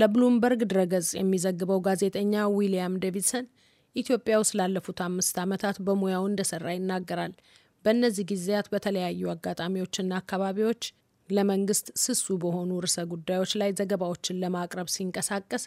ለብሉምበርግ ድረገጽ የሚዘግበው ጋዜጠኛ ዊሊያም ዴቪድሰን ኢትዮጵያ ውስጥ ላለፉት አምስት ዓመታት በሙያው እንደሰራ ይናገራል። በእነዚህ ጊዜያት በተለያዩ አጋጣሚዎችና አካባቢዎች ለመንግስት ስሱ በሆኑ ርዕሰ ጉዳዮች ላይ ዘገባዎችን ለማቅረብ ሲንቀሳቀስ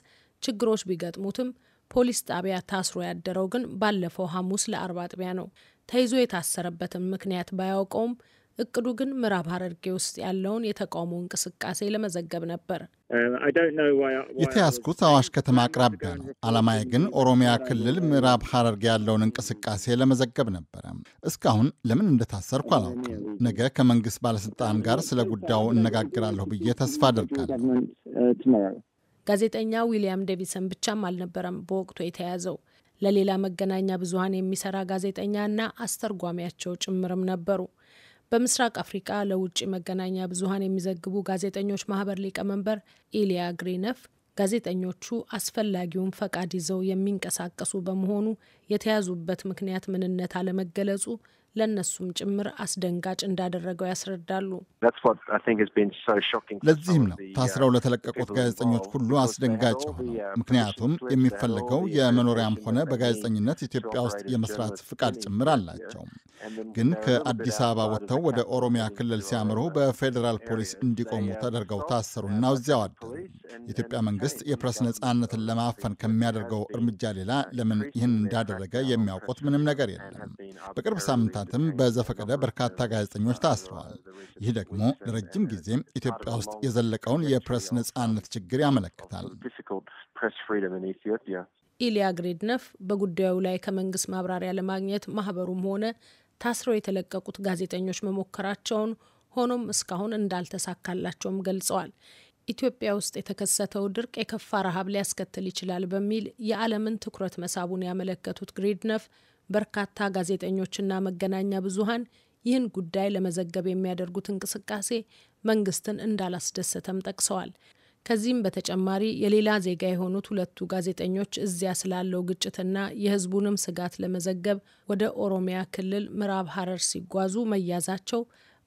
ችግሮች ቢገጥሙትም ፖሊስ ጣቢያ ታስሮ ያደረው ግን ባለፈው ሐሙስ ለአርባ አጥቢያ ነው። ተይዞ የታሰረበትን ምክንያት ባያውቀውም እቅዱ ግን ምዕራብ ሐረርጌ ውስጥ ያለውን የተቃውሞ እንቅስቃሴ ለመዘገብ ነበር። uh, የተያዝኩት አዋሽ ከተማ አቅራቢያ ነው። ዓላማዬ ግን ኦሮሚያ ክልል ምዕራብ ሐረርጌ ያለውን እንቅስቃሴ ለመዘገብ ነበረ። እስካሁን ለምን እንደታሰርኩ አላውቅም። ነገ ከመንግሥት ባለሥልጣን ጋር ስለ ጉዳዩ እነጋግራለሁ ብዬ ተስፋ አድርጋለሁ። ጋዜጠኛ ዊሊያም ዴቪሰን ብቻም አልነበረም በወቅቱ የተያዘው። ለሌላ መገናኛ ብዙሃን የሚሰራ ጋዜጠኛና አስተርጓሚያቸው ጭምርም ነበሩ። በምስራቅ አፍሪቃ ለውጭ መገናኛ ብዙሀን የሚዘግቡ ጋዜጠኞች ማህበር ሊቀመንበር ኢሊያ ግሪነፍ ጋዜጠኞቹ አስፈላጊውን ፈቃድ ይዘው የሚንቀሳቀሱ በመሆኑ የተያዙበት ምክንያት ምንነት አለመገለጹ ለእነሱም ጭምር አስደንጋጭ እንዳደረገው ያስረዳሉ። ለዚህም ነው uh, ታስረው ለተለቀቁት ጋዜጠኞች ሁሉ አስደንጋጭ የሆነው። uh, ምክንያቱም የሚፈለገው uh, የመኖሪያም ሆነ በጋዜጠኝነት ኢትዮጵያ ውስጥ የመስራት ፍቃድ ጭምር አላቸውም። ግን ከአዲስ አበባ ወጥተው ወደ ኦሮሚያ ክልል ሲያምሩ በፌዴራል ፖሊስ እንዲቆሙ ተደርገው ታሰሩና እዚያው አደሩ። የኢትዮጵያ መንግስት የፕረስ ነፃነትን ለማፈን ከሚያደርገው እርምጃ ሌላ ለምን ይህን እንዳደረገ የሚያውቁት ምንም ነገር የለም። በቅርብ ሳምንታትም በዘፈቀደ በርካታ ጋዜጠኞች uh, ታስረዋል። ይህ ደግሞ ለረጅም ጊዜ ኢትዮጵያ ውስጥ የዘለቀውን የፕረስ ነፃነት ችግር ያመለክታል። ኢሊያ ግሬድነፍ በጉዳዩ ላይ ከመንግስት ማብራሪያ ለማግኘት ማህበሩም ሆነ ታስረው የተለቀቁት ጋዜጠኞች መሞከራቸውን፣ ሆኖም እስካሁን እንዳልተሳካላቸውም ገልጸዋል። ኢትዮጵያ ውስጥ የተከሰተው ድርቅ የከፋ ረሃብ ሊያስከትል ይችላል በሚል የዓለምን ትኩረት መሳቡን ያመለከቱት ግሪድነፍ በርካታ ጋዜጠኞችና መገናኛ ብዙሃን ይህን ጉዳይ ለመዘገብ የሚያደርጉት እንቅስቃሴ መንግስትን እንዳላስደሰተም ጠቅሰዋል። ከዚህም በተጨማሪ የሌላ ዜጋ የሆኑት ሁለቱ ጋዜጠኞች እዚያ ስላለው ግጭትና የሕዝቡንም ስጋት ለመዘገብ ወደ ኦሮሚያ ክልል ምዕራብ ሀረር ሲጓዙ መያዛቸው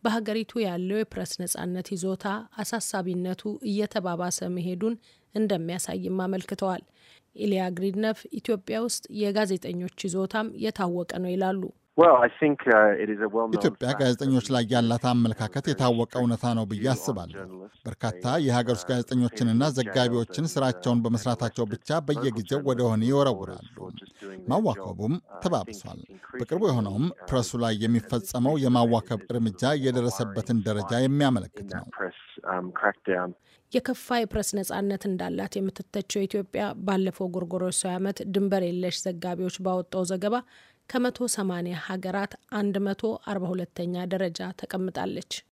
በሀገሪቱ ያለው የፕረስ ነጻነት ይዞታ አሳሳቢነቱ እየተባባሰ መሄዱን እንደሚያሳይም አመልክተዋል። ኢሊያ ግሪድነፍ ኢትዮጵያ ውስጥ የጋዜጠኞች ይዞታም የታወቀ ነው ይላሉ። Uh, ኢትዮጵያ ጋዜጠኞች ላይ ያላት አመለካከት የታወቀ እውነታ ነው ብዬ አስባለሁ። በርካታ የሀገር ውስጥ uh, ጋዜጠኞችንና ዘጋቢዎችን ስራቸውን uh, በመስራታቸው ብቻ በየጊዜው ወደ ሆነ ይወረውራሉ። ማዋከቡም ተባብሷል። በቅርቡ የሆነውም ፕረሱ ላይ የሚፈጸመው የማዋከብ እርምጃ የደረሰበትን ደረጃ የሚያመለክት ነው። Um, የከፋ የፕሬስ ነጻነት እንዳላት የምትተቸው ኢትዮጵያ ባለፈው ጎርጎሮሳዊ ዓመት ድንበር የለሽ ዘጋቢዎች ባወጣው ዘገባ ከመቶ ሰማኒያ ሀገራት አንድ መቶ አርባ ሁለተኛ ደረጃ ተቀምጣለች።